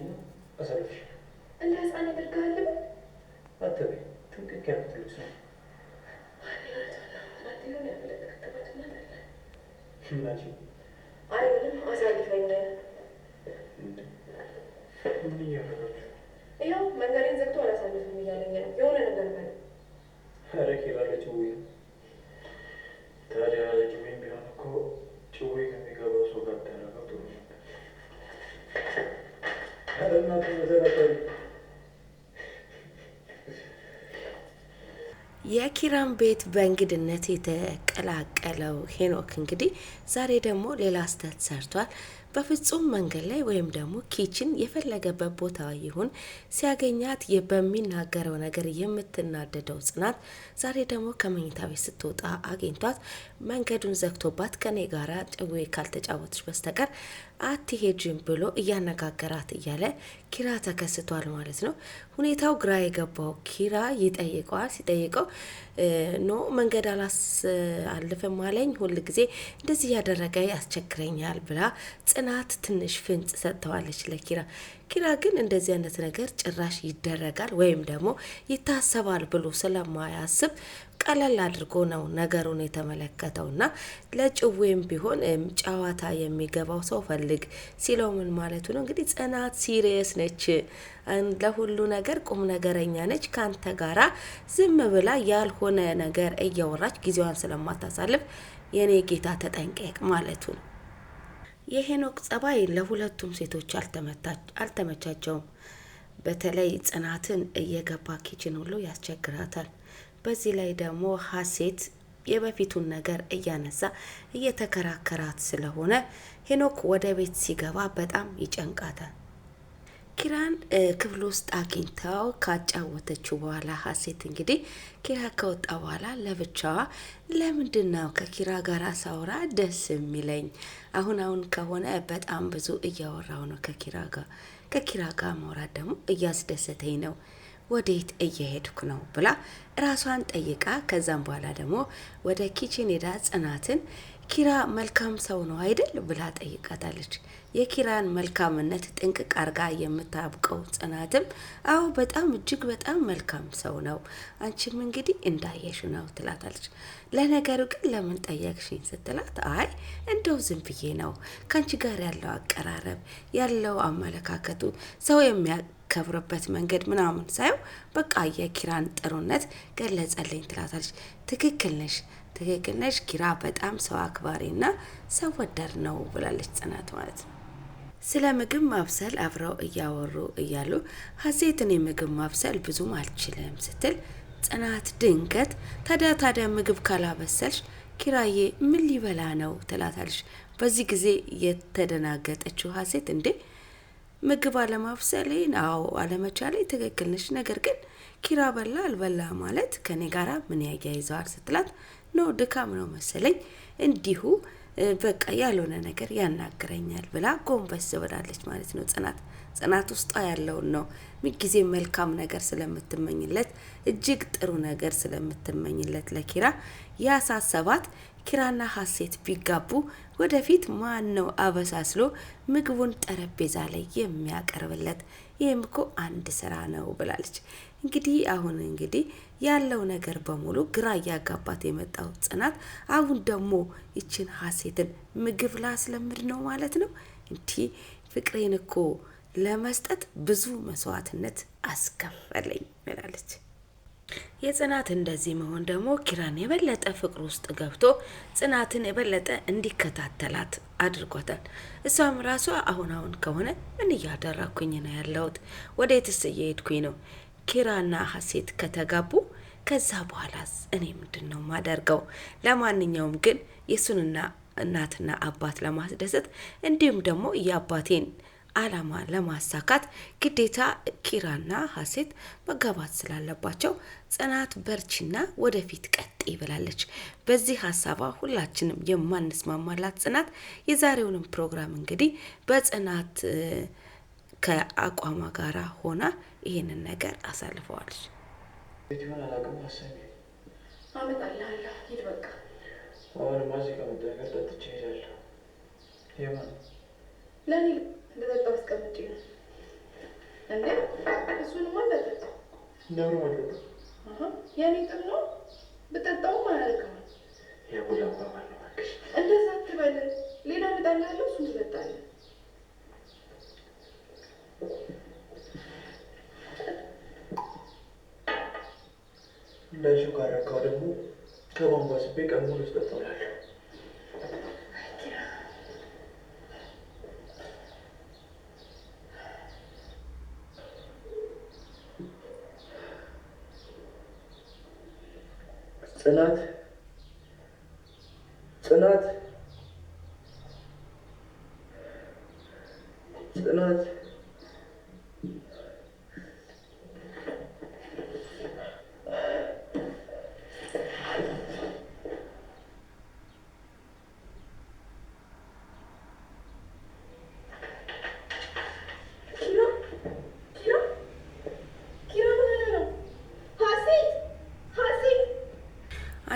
ልጅ አሳልፍሽ እንደ ህፃን ያደርግሃል። አትበይ ጥንቅቅ ያሉት ልጅ ነው። ያው መንገዴን ዘግቶ አላሳልፍም እያለኝ ነው የሆነ ነገር quiero ሔዋን ቤት በእንግድነት የተቀላቀለው ሄኖክ እንግዲህ ዛሬ ደግሞ ሌላ ስህተት ሰርቷል። በፍጹም መንገድ ላይ ወይም ደግሞ ኪችን የፈለገበት ቦታ ይሁን ሲያገኛት በሚናገረው ነገር የምትናደደው ጽናት ዛሬ ደግሞ ከመኝታ ቤት ስትወጣ አግኝቷት መንገዱን ዘግቶባት ከኔ ጋር ጭዌ ካልተጫወተች በስተቀር አትሄጅም ብሎ እያነጋገራት እያለ ኪራ ተከስቷል ማለት ነው። ሁኔታው ግራ የገባው ኪራ ይጠይቀዋል። ሲጠይቀው ኖ መንገድ አላሳልፍም አለኝ። ሁል ጊዜ እንደዚህ ያደረገ ያስቸግረኛል ብላ ጽናት ትንሽ ፍንጭ ሰጥተዋለች ለኪራ። ኪራ ግን እንደዚህ አይነት ነገር ጭራሽ ይደረጋል ወይም ደግሞ ይታሰባል ብሎ ስለማያስብ ቀለል አድርጎ ነው ነገሩን የተመለከተው እና ለጭዌም ቢሆን ጨዋታ የሚገባው ሰው ፈልግ ሲለው ምን ማለቱ ነው? እንግዲህ ጽናት ሲሪየስ ነች፣ ለሁሉ ነገር ቁም ነገረኛ ነች። ከአንተ ጋራ ዝም ብላ ያልሆነ ነገር እያወራች ጊዜዋን ስለማታሳልፍ የኔ ጌታ ተጠንቀቅ ማለቱ ነው። የሄኖክ ጸባይ ለሁለቱም ሴቶች አልተመቻቸውም። በተለይ ጽናትን እየገባ ኪችን ሁሉ ያስቸግራታል። በዚህ ላይ ደግሞ ሀሴት የበፊቱን ነገር እያነሳ እየተከራከራት ስለሆነ ሄኖክ ወደ ቤት ሲገባ በጣም ይጨንቃታል። ኪራን ክፍል ውስጥ አግኝተው ካጫወተችው በኋላ ሀሴት እንግዲህ ኪራ ከወጣ በኋላ ለብቻዋ ለምንድን ነው ከኪራ ጋር ሳውራ ደስ የሚለኝ? አሁን አሁን ከሆነ በጣም ብዙ እያወራው ነው ከኪራ ጋር ከኪራ ጋር ማውራት ደግሞ እያስደሰተኝ ነው ወዴት እየሄድኩ ነው ብላ ራሷን ጠይቃ ከዛም በኋላ ደግሞ ወደ ኪችን ሄዳ ጽናትን ኪራ መልካም ሰው ነው አይደል ብላ ጠይቃታለች። የኪራን መልካምነት ጥንቅቅ አርጋ የምታብቀው ጽናትም አዎ በጣም እጅግ በጣም መልካም ሰው ነው፣ አንቺም እንግዲህ እንዳየሽ ነው ትላታለች። ለነገሩ ግን ለምን ጠየቅሽኝ ስትላት አይ እንደው ዝም ብዬ ነው ከአንቺ ጋር ያለው አቀራረብ ያለው አመለካከቱ ሰው የሚያ የምከብርበት መንገድ ምናምን ሳየው በቃ የኪራን ጥሩነት ገለጸልኝ ትላታለች። ትክክል ነሽ፣ ትክክል ነሽ ኪራ በጣም ሰው አክባሪና ሰው ወዳድ ነው ብላለች ጽናት ማለት ነው። ስለ ምግብ ማብሰል አብረው እያወሩ እያሉ ሀሴት እኔ ምግብ ማብሰል ብዙም አልችልም ስትል ጽናት ድንገት ታዲያ ታዲያ ምግብ ካላበሰልሽ ኪራዬ ምን ሊበላ ነው ትላታለች። በዚህ ጊዜ የተደናገጠችው ሀሴት እንዴ ምግብ አለማብሰሌ አዎ አለመቻሌ ትክክል ነሽ፣ ነገር ግን ኪራ በላ አልበላ ማለት ከኔ ጋር ምን ያያይዘዋል ስትላት ኖ ድካም ነው መሰለኝ እንዲሁ በቃ ያልሆነ ነገር ያናግረኛል ብላ ጎንበስ ብላለች ማለት ነው። ጽናት ጽናት ውስጧ ያለውን ነው ምንጊዜ መልካም ነገር ስለምትመኝለት እጅግ ጥሩ ነገር ስለምትመኝለት ለኪራ ያሳሰባት ኪራና ሀሴት ቢጋቡ ወደፊት ማን ነው አበሳስሎ ምግቡን ጠረጴዛ ላይ የሚያቀርብለት? ይህም እኮ አንድ ስራ ነው ብላለች። እንግዲህ አሁን እንግዲህ ያለው ነገር በሙሉ ግራ እያጋባት የመጣው ጽናት አሁን ደግሞ ይችን ሀሴትን ምግብ ላስለምድ ነው ማለት ነው። እንዲህ ፍቅሬን እኮ ለመስጠት ብዙ መስዋዕትነት አስከፈለኝ ብላለች። የጽናት እንደዚህ መሆን ደግሞ ኪራን የበለጠ ፍቅር ውስጥ ገብቶ ጽናትን የበለጠ እንዲከታተላት አድርጓታል። እሷም ራሷ አሁን አሁን ከሆነ ምን እያደረኩኝ ነው ያለሁት? ወዴትስ እየሄድኩኝ ነው? ኪራና ሀሴት ከተጋቡ ከዛ በኋላስ እኔ ምንድን ነው ማደርገው? ለማንኛውም ግን የሱንና እናትና አባት ለማስደሰት እንዲሁም ደግሞ የአባቴን አላማ ለማሳካት ግዴታ ኪራና ሀሴት መጋባት ስላለባቸው ጽናት በርችና ወደፊት ቀጥ ይብላለች። በዚህ ሀሳቧ ሁላችንም የማንስማማላት ጽናት የዛሬውንም ፕሮግራም እንግዲህ በጽናት ከአቋሟ ጋር ሆና ይህንን ነገር አሳልፈዋለች። አሁን እንደጠጣሁ አስቀምጬ ነው። እንዴ እሱንማ አልጠጣም። ለምን የኔ ጥም ነው እንደዛ አትበል። ሌላ ምጣና እሱ ትጠጣለህ። ደግሞ ከቧንቧ ስቤ ቀን ሙሉ ትጠጣውላለህ ጽናት ጽናት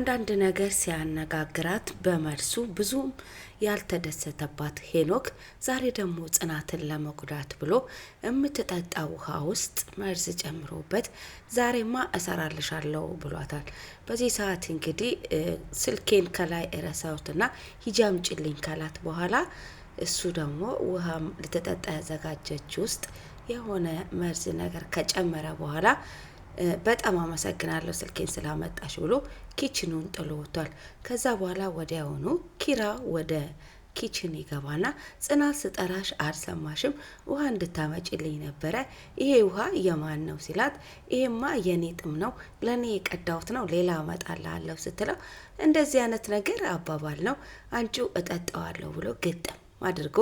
አንዳንድ ነገር ሲያነጋግራት በመልሱ ብዙም ያልተደሰተባት ሄኖክ ዛሬ ደግሞ ጽናትን ለመጉዳት ብሎ የምትጠጣ ውሃ ውስጥ መርዝ ጨምሮበት ዛሬማ እሰራልሻለሁ ብሏታል። በዚህ ሰዓት እንግዲህ ስልኬን ከላይ ረሳሁትና ሂጂ አምጪልኝ ካላት በኋላ እሱ ደግሞ ውሃም ልትጠጣ ያዘጋጀች ውስጥ የሆነ መርዝ ነገር ከጨመረ በኋላ በጣም አመሰግናለሁ ስልኬን ስላመጣሽ ብሎ ኪችኑን ጥሎ ወጥቷል። ከዛ በኋላ ወዲያውኑ ኪራ ወደ ኪችን ይገባና ጽናት ስጠራሽ አልሰማሽም፣ ውሃ እንድታመጭልኝ ነበረ። ይሄ ውሃ የማን ነው ሲላት፣ ይሄማ የኔ ጥም ነው፣ ለእኔ የቀዳሁት ነው፣ ሌላ አመጣልሃለሁ ስትለው፣ እንደዚህ አይነት ነገር አባባል ነው አንቺው እጠጣዋለሁ ብሎ ግጥም አድርጎ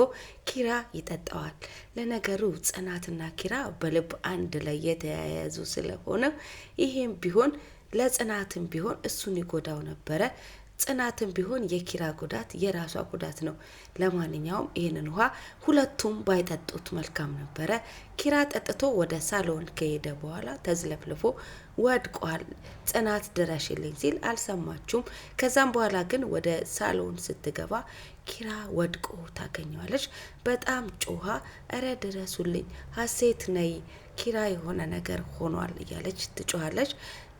ኪራ ይጠጣዋል። ለነገሩ ጽናትና ኪራ በልብ አንድ ላይ የተያያዙ ስለሆነ ይሄም ቢሆን ለጽናትም ቢሆን እሱን ይጎዳው ነበረ። ጽናትም ቢሆን የኪራ ጉዳት የራሷ ጉዳት ነው። ለማንኛውም ይህንን ውሃ ሁለቱም ባይጠጡት መልካም ነበረ። ኪራ ጠጥቶ ወደ ሳሎን ከሄደ በኋላ ተዝለፍልፎ ወድቋል። ጽናት ድረሽልኝ ሲል አልሰማችውም። ከዛም በኋላ ግን ወደ ሳሎን ስትገባ ኪራ ወድቆ ታገኘዋለች። በጣም ጮኋ እረ ድረሱልኝ፣ ሀሴት ነይ፣ ኪራ የሆነ ነገር ሆኗል እያለች ትጮኋለች።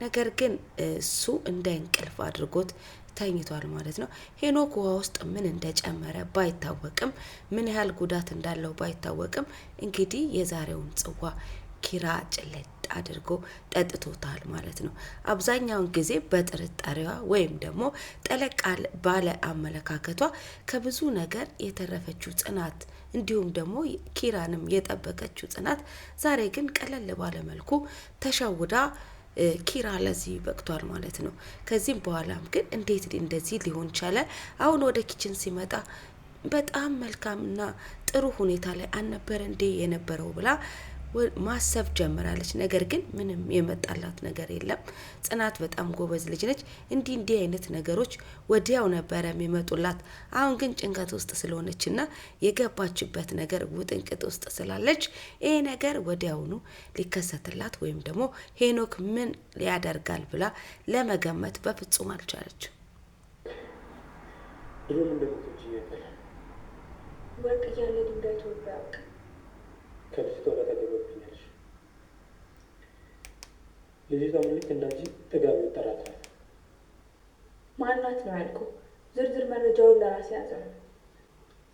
ነገር ግን እሱ እንደ እንቅልፍ አድርጎት ተኝቷል ማለት ነው። ሄኖክ ውሃ ውስጥ ምን እንደጨመረ ባይታወቅም ምን ያህል ጉዳት እንዳለው ባይታወቅም እንግዲህ የዛሬውን ጽዋ ኪራ ጭለች አድርጎ ጠጥቶታል ማለት ነው። አብዛኛውን ጊዜ በጥርጣሬዋ ወይም ደግሞ ጠለቅ ባለ አመለካከቷ ከብዙ ነገር የተረፈችው ጽናት እንዲሁም ደግሞ ኪራንም የጠበቀችው ጽናት ዛሬ ግን ቀለል ባለ መልኩ ተሸውዳ ኪራ ለዚህ በቅቷል ማለት ነው። ከዚህም በኋላም ግን እንዴት እንደዚህ ሊሆን ቻለ? አሁን ወደ ኪችን ሲመጣ በጣም መልካምና ጥሩ ሁኔታ ላይ አልነበረ እንዴ የነበረው ብላ ማሰብ ጀምራለች። ነገር ግን ምንም የመጣላት ነገር የለም። ጽናት በጣም ጎበዝ ልጅ ነች። እንዲህ እንዲህ አይነት ነገሮች ወዲያው ነበረ የሚመጡላት። አሁን ግን ጭንቀት ውስጥ ስለሆነችና የገባችበት ነገር ውጥንቅጥ ውስጥ ስላለች ይሄ ነገር ወዲያውኑ ሊከሰትላት ወይም ደግሞ ሄኖክ ምን ያደርጋል ብላ ለመገመት በፍጹም አልቻለች። ወርቅ እያለ ድንጋይ ተወጋ ከልጅቷ ጋር ታገባብኛለሽ። ልጅቷ ምልክ እናንቺ ጥጋብ ይጠራታል። ማናት ነው ያልከው? ዝርዝር መረጃውን ለራሴ ያዘ።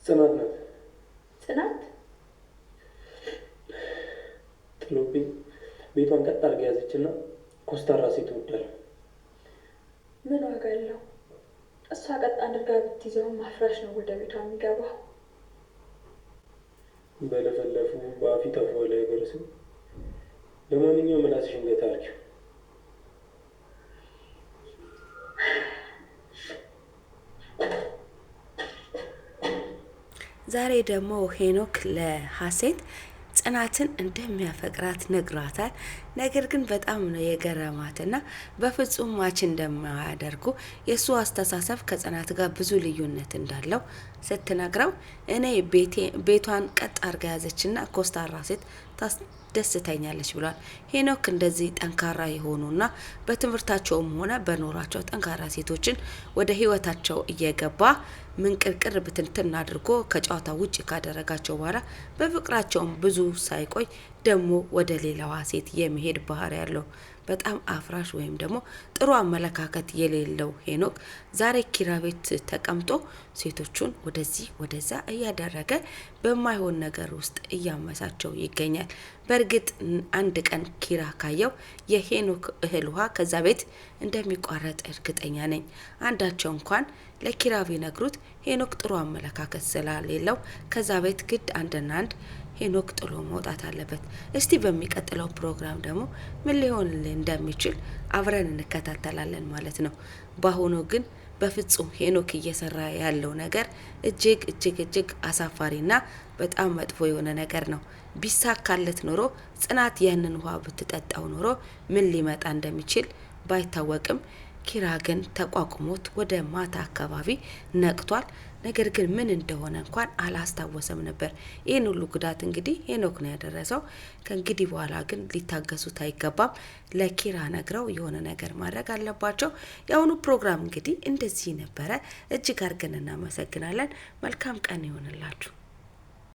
ጽናት ናት። ጽናት ጥሎብኝ ቤቷን ቀጥ አድርጋ ያዘች እና ኮስታራ ሴት ምን ዋጋ አለው? እሷ ቀጥ አድርጋ ብትይዘውም ማፍራሽ ነው ወደ ቤቷ የሚገባው። በለፈለፉ በአፊት አፏ ላይ አይደርስም። ለማንኛውም ራስሽን ገታ አድርጊው። ዛሬ ደግሞ ሄኖክ ለሀሴት ጽናትን እንደሚያፈቅራት ነግሯታል። ነገር ግን በጣም ነው የገረማትና በፍጹም ማች እንደማያደርጉ የእሱ አስተሳሰብ ከጽናት ጋር ብዙ ልዩነት እንዳለው ስትነግረው እኔ ቤቷን ቀጥ አርጋ ያዘችና ኮስታራ ሴት ደስተኛለች ብሏል። ሄኖክ እንደዚህ ጠንካራ የሆኑና በትምህርታቸውም ሆነ በኖሯቸው ጠንካራ ሴቶችን ወደ ህይወታቸው እየገባ ምንቅርቅር ብትንትን አድርጎ ከጨዋታ ውጭ ካደረጋቸው በኋላ በፍቅራቸውም ብዙ ሳይቆይ ደግሞ ወደ ሌላዋ ሴት የመሄድ ባህሪ ያለው በጣም አፍራሽ ወይም ደግሞ ጥሩ አመለካከት የሌለው ሄኖክ ዛሬ ኪራ ቤት ተቀምጦ ሴቶቹን ወደዚህ ወደዛ እያደረገ በማይሆን ነገር ውስጥ እያመሳቸው ይገኛል። በእርግጥ አንድ ቀን ኪራ ካየው የሄኖክ እህል ውሃ ከዛ ቤት እንደሚቋረጥ እርግጠኛ ነኝ። አንዳቸው እንኳን ለኪራ ቢነግሩት ሄኖክ ጥሩ አመለካከት ስላሌለው ከዛ ቤት ግድ አንድና አንድ ሄኖክ ጥሎ መውጣት አለበት። እስቲ በሚቀጥለው ፕሮግራም ደግሞ ምን ሊሆን እንደሚችል አብረን እንከታተላለን ማለት ነው። በአሁኑ ግን በፍጹም ሄኖክ እየሰራ ያለው ነገር እጅግ እጅግ እጅግ አሳፋሪና በጣም መጥፎ የሆነ ነገር ነው። ቢሳካለት ኖሮ ጽናት ያንን ውሃ ብትጠጣው ኖሮ ምን ሊመጣ እንደሚችል ባይታወቅም ኪራ ግን ተቋቁሞት ወደ ማታ አካባቢ ነቅቷል። ነገር ግን ምን እንደሆነ እንኳን አላስታወሰም ነበር። ይህን ሁሉ ጉዳት እንግዲህ ሄኖክ ነው ያደረሰው። ከእንግዲህ በኋላ ግን ሊታገሱት አይገባም። ለኪራ ነግረው የሆነ ነገር ማድረግ አለባቸው። የአሁኑ ፕሮግራም እንግዲህ እንደዚህ ነበረ። እጅግ አድርገን እናመሰግናለን። መልካም ቀን ይሆንላችሁ።